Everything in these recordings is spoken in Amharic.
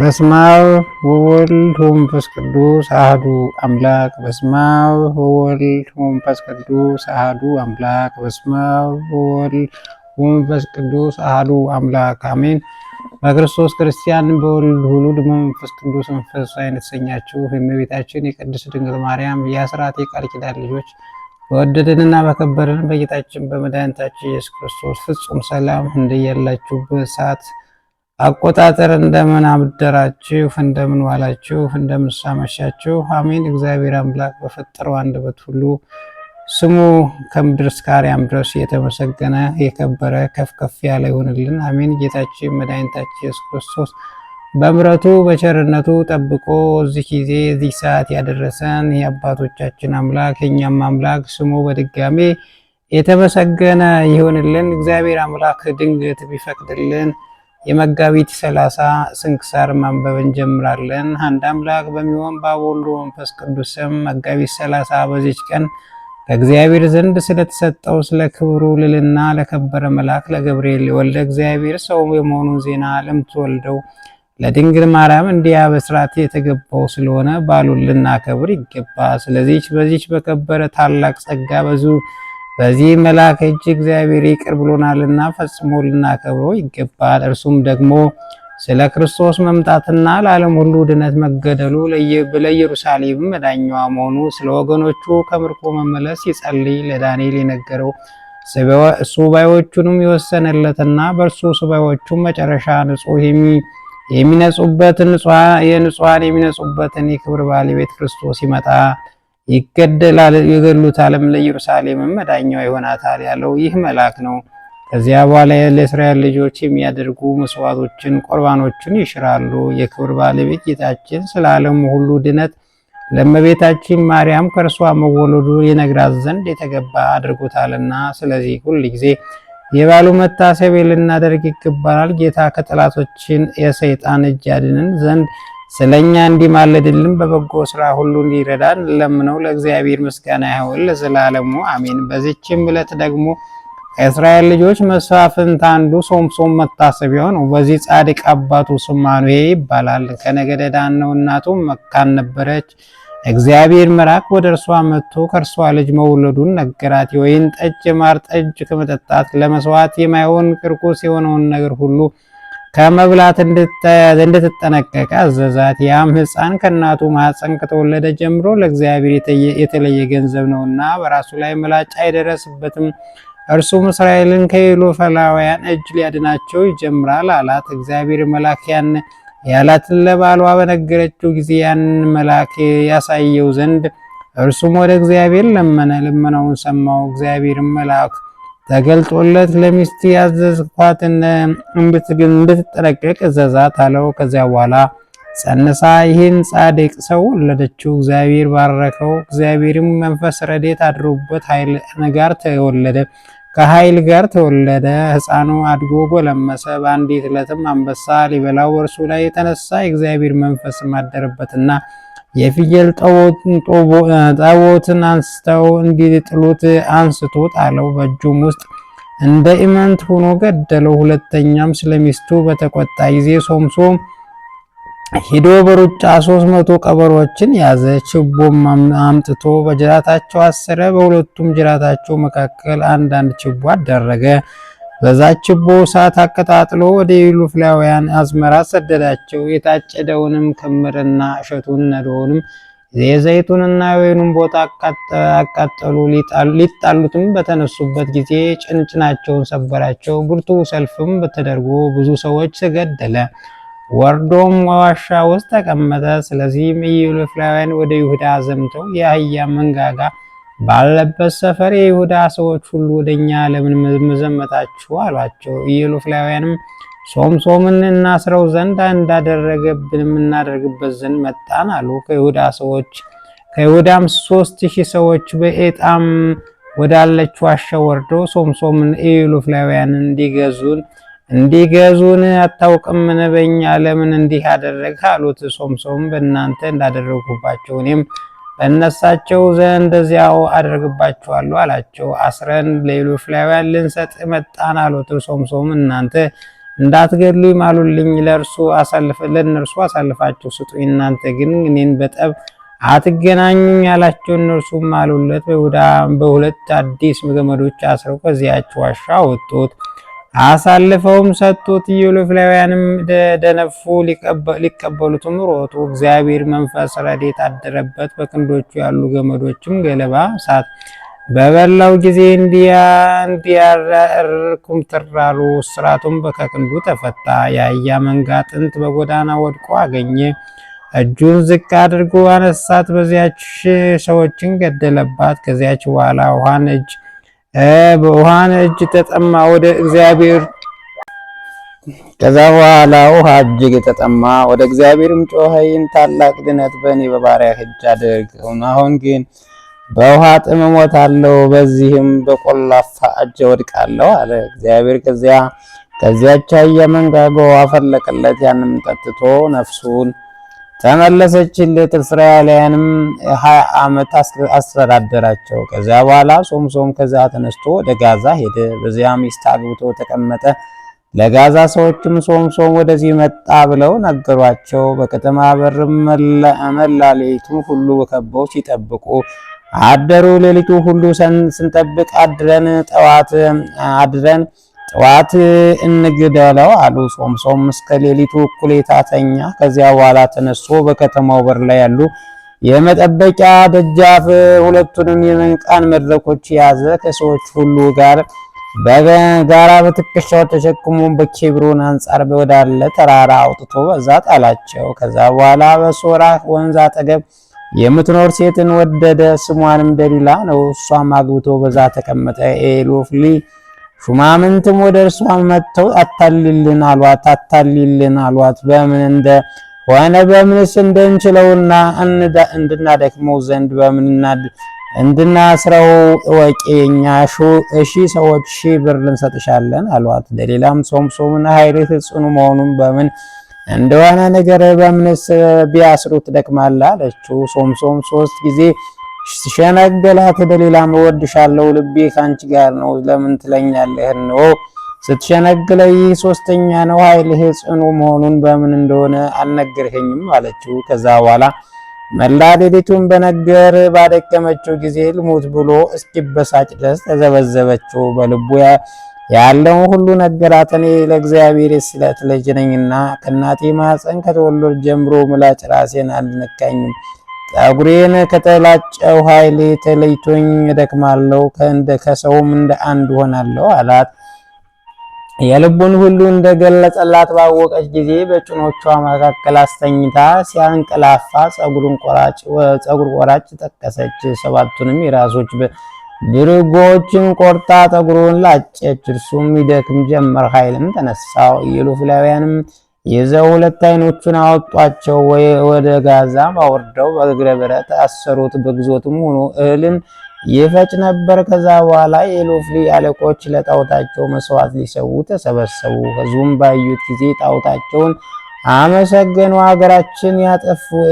በስመ አብ ወወልድ ወመንፈስ ቅዱስ አሐዱ አምላክ። በስመ አብ ወወልድ ወመንፈስ ቅዱስ አሐዱ አምላክ። በስመ አብ ወወልድ ወመንፈስ ቅዱስ አሐዱ አምላክ አሜን። በክርስቶስ ክርስቲያን በወልድ ውሉድ በመንፈስ ቅዱስ መንፈስ አይነት የተሰኛችሁ የእመቤታችን የቅድስት ድንግል ማርያም የአስራት የቃል ኪዳን ልጆች በወደደንና በከበረን በጌታችን በመድኃኒታችን ኢየሱስ ክርስቶስ ፍጹም ሰላም እንደያላችሁበት ሰዓት አቆጣጠር እንደምን አብደራችሁ፣ እንደምን ዋላችሁ፣ እንደምን ሳመሻችሁ። አሜን። እግዚአብሔር አምላክ በፈጠረው አንደበት ሁሉ ስሙ ከምድር እስከ አርያም ድረስ የተመሰገነ የከበረ ከፍ ከፍ ያለ ይሁንልን። አሜን። ጌታችን መድኃኒታችን ኢየሱስ ክርስቶስ በምረቱ በቸርነቱ ጠብቆ እዚህ ጊዜ እዚህ ሰዓት ያደረሰን የአባቶቻችን አምላክ የእኛም አምላክ ስሙ በድጋሜ የተመሰገነ ይሁንልን። እግዚአብሔር አምላክ ድንገት ቢፈቅድልን የመጋቢት ሰላሳ ስንክሳር ማንበብ እንጀምራለን። አንድ አምላክ በሚሆን በአብ መንፈስ ቅዱስ ስም መጋቢት ሰላሳ በዚች ቀን ከእግዚአብሔር ዘንድ ስለተሰጠው ስለ ክብሩ ልልና ለከበረ መልአክ ለገብርኤል ወልደ እግዚአብሔር ሰው የመሆኑ ዜና ለምትወልደው ለድንግል ማርያም እንዲያ በስርዓት የተገባው ስለሆነ ባሉን ልናከብር ይገባ። ስለዚች በዚች በከበረ ታላቅ ጸጋ በዙ በዚህ መልአክ እጅ እግዚአብሔር ይቅር ብሎናልና ፈጽሞ ልናከብረው ይገባል። እርሱም ደግሞ ስለ ክርስቶስ መምጣትና ለዓለም ሁሉ ድነት መገደሉ ለኢየሩሳሌም መዳኛዋ መሆኑ ስለ ወገኖቹ ከምርኮ መመለስ ይጸልይ ለዳንኤል የነገረው ሱባዮቹንም የወሰነለትና በእርሱ ሱባዮቹን መጨረሻ ንጹሕ የሚነጹበትን ንጹሐን የሚነጹበትን የክብር ባለቤት ክርስቶስ ይመጣል። ይገደላል፣ ይገድሉታልም። ለኢየሩሳሌምም መዳኛዋ ይሆናታል ያለው ይህ መልአክ ነው። ከዚያ በኋላ ለእስራኤል ልጆች የሚያደርጉ መስዋዕቶችን፣ ቁርባኖችን ይሽራሉ። የክብር ባለቤት ጌታችን ስለ ዓለም ሁሉ ድነት ለመቤታችን ማርያም ከእርሷ መወለዱ ይነግራት ዘንድ የተገባ አድርጎታልና፣ ስለዚህ ሁል ጊዜ የባሉ መታሰቢያ ልናደርግ ይገባናል። ጌታ ከጠላቶችን የሰይጣን እጅ ያድነን ዘንድ ስለኛ እንዲማለድልን በበጎ ስራ ሁሉ እንዲረዳን ለምነው ለእግዚአብሔር ምስጋና ይሁን ለዘላለሙ አሜን። በዚችም ዕለት ደግሞ ከእስራኤል ልጆች መሳፍንት አንዱ ሶምሶን መታሰቢያ ሆነው። በዚህ ጻድቅ አባቱ ስም ይባላል። ከነገደ ዳን ነው። እናቱ መካን ነበረች። እግዚአብሔር መልአክ ወደ እርሷ መጥቶ ከእርሷ ልጅ መውለዱን ነገራት። የወይን ጠጅ፣ የማር ጠጅ ከመጠጣት ለመስዋዕት የማይሆን ቅርቁስ የሆነውን ነገር ሁሉ ከመብላት እንድትጠነቀቀ አዘዛት። ያም ሕፃን ከእናቱ ማኅፀን ከተወለደ ጀምሮ ለእግዚአብሔር የተለየ ገንዘብ ነውና በራሱ ላይ መላጫ አይደረስበትም። እርሱም እስራኤልን ፈላውያን እጅ ሊያድናቸው ይጀምራል አላት። እግዚአብሔር መልአክ ያን ያላትን ለባሏ በነገረችው ጊዜ ያን መልአክ ያሳየው ዘንድ እርሱም ወደ እግዚአብሔር ለመነ። ልመናውን ሰማው። እግዚአብሔርም መልአክ ተገልጦለት ለሚስት ያዘዝኳትን እንድትጠነቀቅ እዘዛት አለው። ከዚያ በኋላ ጸንሳ ይህን ጻድቅ ሰው ወለደችው፣ እግዚአብሔር ባረከው። እግዚአብሔርም መንፈስ ረዴት አድሮበት ኃይል ጋር ተወለደ ከኃይል ጋር ተወለደ። ሕፃኑ አድጎ ጎለመሰ። በአንዲት ዕለትም አንበሳ ሊበላው እርሱ ላይ የተነሳ የእግዚአብሔር መንፈስ አደረበትና የፍየል ጠቦትን አንስተው እንዲጥሉት አንስቶ ጣለው። በእጁም ውስጥ እንደ ኢመንት ሆኖ ገደለው። ሁለተኛም ስለሚስቱ በተቆጣ ጊዜ ሶምሶም ሂዶ በሩጫ 300 ቀበሮችን ያዘ። ችቦም አምጥቶ በጅራታቸው አሰረ። በሁለቱም ጅራታቸው መካከል አንዳንድ ችቦ አደረገ። በዛች ቦ እሳት አቀጣጥሎ ወደ ኢሉፍላውያን አዝመራ ሰደዳቸው። የታጨደውንም ክምርና እሸቱን ነዶውንም የዘይቱንና የወይኑን ቦታ አቃጠሉ። ሊጣሉትም በተነሱበት ጊዜ ጭንጭናቸውን ሰበራቸው። ብርቱ ሰልፍም ተደርጎ ብዙ ሰዎች ተገደለ። ወርዶም ዋሻ ውስጥ ተቀመጠ። ስለዚህም ኢሉፍላውያን ወደ ይሁዳ ዘምተው የአህያ መንጋጋ ባለበት ሰፈር የይሁዳ ሰዎች ሁሉ ወደ እኛ ለምን መዘመታችሁ? አሏቸው። ኢየሩሳሌማውያንም ሶምሶንን እናስረው ዘንድ እንዳደረገብን እናደርግበት ዘንድ መጣን አሉ። ከይሁዳ ሰዎች ከይሁዳም ሶስት ሺህ ሰዎች በኤጣም ወዳለች ዋሻ ወርደው ሶምሶንን ኢየሩሳሌማውያንን እንዲገዙን እንዲገዙን አታውቅምን? በእኛ ለምን እንዲህ አደረግ አሉት። ሶምሶን በእናንተ እንዳደረጉባቸው እኔም በእነሳቸው ዘንድ እዚያው አደርግባችኋለሁ አላቸው። አስረን ለኢሎፍላውያን ልንሰጥ መጣን አሉት። ሶምሶም እናንተ እንዳትገድሉ ይማሉልኝ፣ ለእርሱ ለእነርሱ አሳልፋችሁ ስጡ፣ እናንተ ግን እኔን በጠብ አትገናኙኝ ያላቸው። እነርሱም አሉለት። በሁለት አዲስ ገመዶች አስረው ከዚያች ዋሻ ወጡት። አሳልፈውም ሰጡት። ኢዮፍላውያንም ደነፉ፣ ሊቀበሉትም ሮጡ። እግዚአብሔር መንፈስ ረድኤት አደረበት። በክንዶቹ ያሉ ገመዶችም ገለባ እሳት በበላው ጊዜ እንዲያረርኩም ትራሉ። ስራቱም ከክንዱ ተፈታ። የአህያ መንጋ ጥንት በጎዳና ወድቆ አገኘ። እጁን ዝቅ አድርጎ አነሳት። በዚያች ሰዎችን ገደለባት። ከዚያች በኋላ ውሃን እጅ በውሃን እጅ ተጠማ ወደ እግዚአብሔር። ከዛ በኋላ ውሃ እጅግ የተጠማ ወደ እግዚአብሔርም ጮኸ፣ ይህን ታላቅ ድነት በእኔ በባሪያህ እጅ አድርግ። አሁን ግን በውሃ ጥም እሞታለሁ፣ በዚህም በቆላፋ እጅ ወድቃለሁ አለ። እግዚአብሔር ከዚያ ከዚያች አህያ መንጋጋ አፈለቀለት፣ ያንም ጠጥቶ ነፍሱን ተመለሰች። እስራኤላውያንም ሀያ ዓመት አስተዳደራቸው። ከዚያ በኋላ ሶምሶም ከዚያ ተነስቶ ወደ ጋዛ ሄደ። በዚያም ሚስት አግብቶ ተቀመጠ። ለጋዛ ሰዎችም ሶምሶም ወደዚህ መጣ ብለው ነገሯቸው። በከተማ በር መላ ሌሊቱን ሁሉ ከበው ሲጠብቁ አደሩ። ሌሊቱ ሁሉ ስንጠብቅ አድረን ጠዋት አድረን ጠዋት እንግደለው አሉ። ሶምሶን እስከ ሌሊቱ እኩሌታ ተኛ። ከዚያ በኋላ ተነስቶ በከተማው በር ላይ ያሉ የመጠበቂያ ደጃፍ ሁለቱንም የመንቃን መድረኮች የያዘ ከሰዎች ሁሉ ጋር በጋራ በትከሻው ተሸክሞ በኬብሮን አንጻር ወዳለ ተራራ አውጥቶ በዛ ጣላቸው። ከዛ በኋላ በሶራ ወንዝ አጠገብ የምትኖር ሴትን ወደደ። ስሟንም ደሊላ ነው። እሷም አግብቶ በዛ ተቀመጠ። ኤሎፍሊ ሹማምንትም ወደ እርሷ መጥተው አታሊልን አሏት አታሊልን አሏት በምን እንደ ሆነ በምንስ እንደንችለውና እንድናደክመው ዘንድ በምን እንድናስረው እወቂ እኛ እሺ ሰዎች ሺህ ብር ልንሰጥሻለን አሏት። ለሌላም ሶምሶምን ኃይልህ ጽኑ መሆኑን በምን እንደሆነ ነገር በምንስ ቢያስሩት ደክማላ አለችው። ሶምሶም ሶስት ጊዜ ሸነገላት በሌላም እወድሻለሁ ልቤ ካንቺ ጋር ነው ለምን ትለኛለህ ነው ስትሸነግለይ ሶስተኛ ነው ኃይልህ ጽኑ መሆኑን በምን እንደሆነ አልነገርኸኝም አለችው። ከዛ በኋላ መላ ሌሊቱን በነገር ባደከመችው ጊዜ ልሙት ብሎ እስኪበሳጭ ድረስ ተዘበዘበችው። በልቡ ያለው ሁሉ ነገራት። እኔ ለእግዚአብሔር የስለት ልጅ ነኝና ከእናቴ ማፀን ከተወለድ ጀምሮ ምላጭ ራሴን አልነካኝም ጸጉሬን ከተላጨው ኃይል ተለይቶኝ እደክማለሁ፣ ከእንደ ከሰውም እንደ አንድ ሆናለሁ አላት። የልቡን ሁሉ እንደገለጸላት ባወቀች ጊዜ በጭኖቿ መካከል አስተኝታ ሲያንቀላፋ ጸጉሩን ቆራጭ ጸጉር ቆራጭ ጠቀሰች። ሰባቱንም የራሶች ድርጎችን ቆርጣ ጠጉሩን ላጨች። እርሱም ይደክም ጀመር፣ ኃይልም ተነሳው። ኢሎፍላውያንም ይዘው ሁለት አይኖቹን አወጧቸው፣ ወደ ጋዛም አውርደው በእግረ ብረት አሰሩት። በግዞትም ሆኖ እህልን ይፈጭ ነበር። ከዛ በኋላ የሎፍሊ አለቆች ለጣውታቸው መስዋዕት ሊሰዉ ተሰበሰቡ። ሕዝቡም ባዩት ጊዜ ጣዖታቸውን አመሰገኑ። ሀገራችን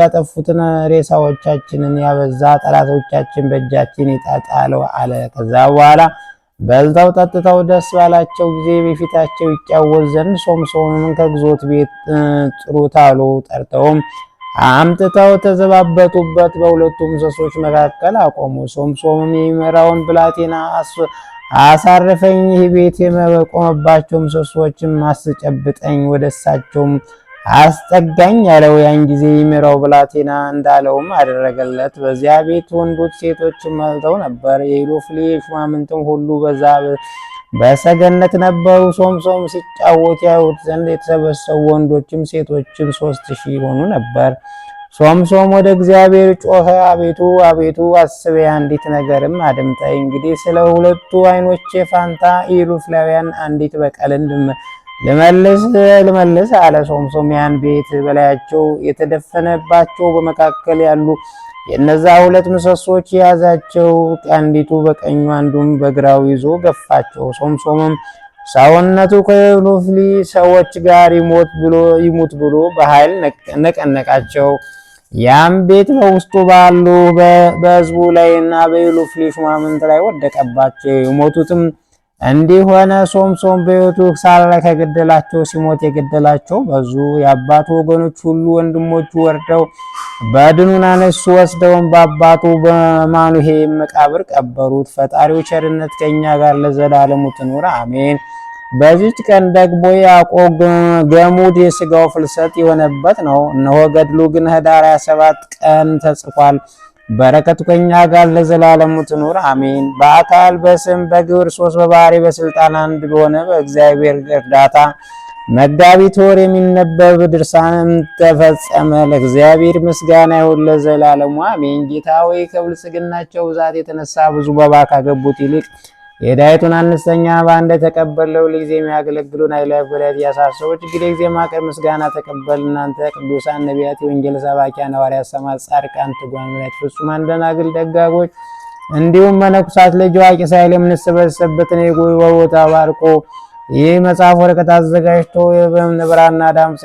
ያጠፉትን ሬሳዎቻችንን ያበዛ ጠላቶቻችን በእጃችን ይጣጣለው አለ። ከዛ በኋላ በልተው ጠጥተው ደስ ባላቸው ጊዜ በፊታቸው ይጫወት ዘንድ ሶምሶንን ከግዞት ቤት ጥሩት አሉ። ጠርተውም አምጥተው ተዘባበቱበት፣ በሁለቱም ምሰሶች መካከል አቆሙ። ሶምሶንም የሚመራውን ብላቴና አሳርፈኝ፣ ይህ ቤት የመቆመባቸው ምሰሶችም አስጨብጠኝ፣ ወደ እሳቸውም አስጠጋኝ ያለው ያን ጊዜ ይምረው ብላቴና እንዳለውም አደረገለት። በዚያ ቤት ወንዶች ሴቶች መልተው ነበር። የኢሎፍሌ ሹማምንትም ሁሉ በዛ በሰገነት ነበሩ። ሶምሶም ሲጫወት ያዩት ዘንድ የተሰበሰቡ ወንዶችም ሴቶችም ሶስት ሺህ ይሆኑ ነበር። ሶምሶም ወደ እግዚአብሔር ጮኸ፣ አቤቱ አቤቱ አስበ፣ አንዲት ነገርም አድምጠኝ። እንግዲህ ስለ ሁለቱ አይኖቼ ፋንታ ኢሉፍላውያን አንዲት በቀልን ልመልስ ልመልስ አለ ሶምሶም ያን ቤት በላያቸው የተደፈነባቸው በመካከል ያሉ የነዛ ሁለት ምሰሶች የያዛቸው አንዲቱ በቀኙ አንዱም በግራው ይዞ ገፋቸው። ሶምሶምም ሰውነቱ ከዮሎፍሊ ሰዎች ጋር ይሙት ብሎ በኃይል ነቀነቃቸው። ያም ቤት በውስጡ ባሉ በሕዝቡ ላይና በዮሎፍሊ ሹማምንት ላይ ወደቀባቸው። የሞቱትም እንዲህ ሆነ ሶምሶን በሕይወቱ ሳለ ከገደላቸው ሲሞት የገደላቸው በዙ። የአባቱ ወገኖች ሁሉ ወንድሞቹ ወርደው በድኑን አነሱ፣ ወስደውን በአባቱ በማኑሄ መቃብር ቀበሩት። ፈጣሪው ቸርነት ከኛ ጋር ለዘላለሙ ትኑር አሜን። በዚች ቀን ደግሞ ያዕቆብ ገሙድ የስጋው ፍልሰት የሆነበት ነው። እነሆ ገድሉ ግን ኅዳር 27 ቀን ተጽፏል። በረከቱ ከኛ ጋር ለዘላለሙ ትኑር አሜን። በአካል በስም በግብር ሶስት በባህሪ በስልጣን አንድ በሆነ በእግዚአብሔር እርዳታ መጋቢት ወር የሚነበብ ድርሳንም ተፈጸመ። ለእግዚአብሔር ምስጋና ይሁን ለዘላለሙ አሜን። ጌታ ሆይ ከብልጽግናቸው ብዛት የተነሳ ብዙ በባ ካገቡት ይልቅ የዳይቱን አነስተኛ ባንደ ተቀበለው ለጊዜ የሚያገለግሉን አይላፍ ወላይት ያሳሰቦች ሰዎች እንግዲህ ጊዜ ማቀር ምስጋና ተቀበል። እናንተ ቅዱሳን ነቢያት፣ የወንጌል ሰባኪያን ሐዋርያት፣ ሰማዕታት፣ ጻድቃን፣ ትጉሃን መላእክት፣ ፍጹማን ደናግል፣ ደጋጎች እንዲሁም መነኩሳት ልጅ አዋቂ ሳይል የምንሰበሰብበትን የጉባኤ ቦታ ባርኮ ይህ መጽሐፍ ወረቀት አዘጋጅቶ ብራና ዳምጾ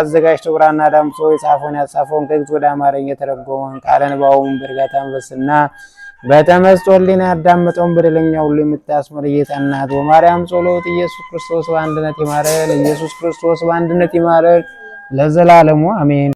አዘጋጅቶ ብራና ዳምጾ የጻፈውን ያጻፈውን ከግዕዝ ወደ አማርኛ የተረጎመውን ቃለ ንባቡን በእርጋታ አንበስና በተመስጦልን ያዳመጠውን በደለኛ ሁሉ የምታስምር እየጠናት በማርያም ጸሎት ኢየሱስ ክርስቶስ በአንድነት ይማረን። ኢየሱስ ክርስቶስ በአንድነት ይማረን ለዘላለሙ አሜን።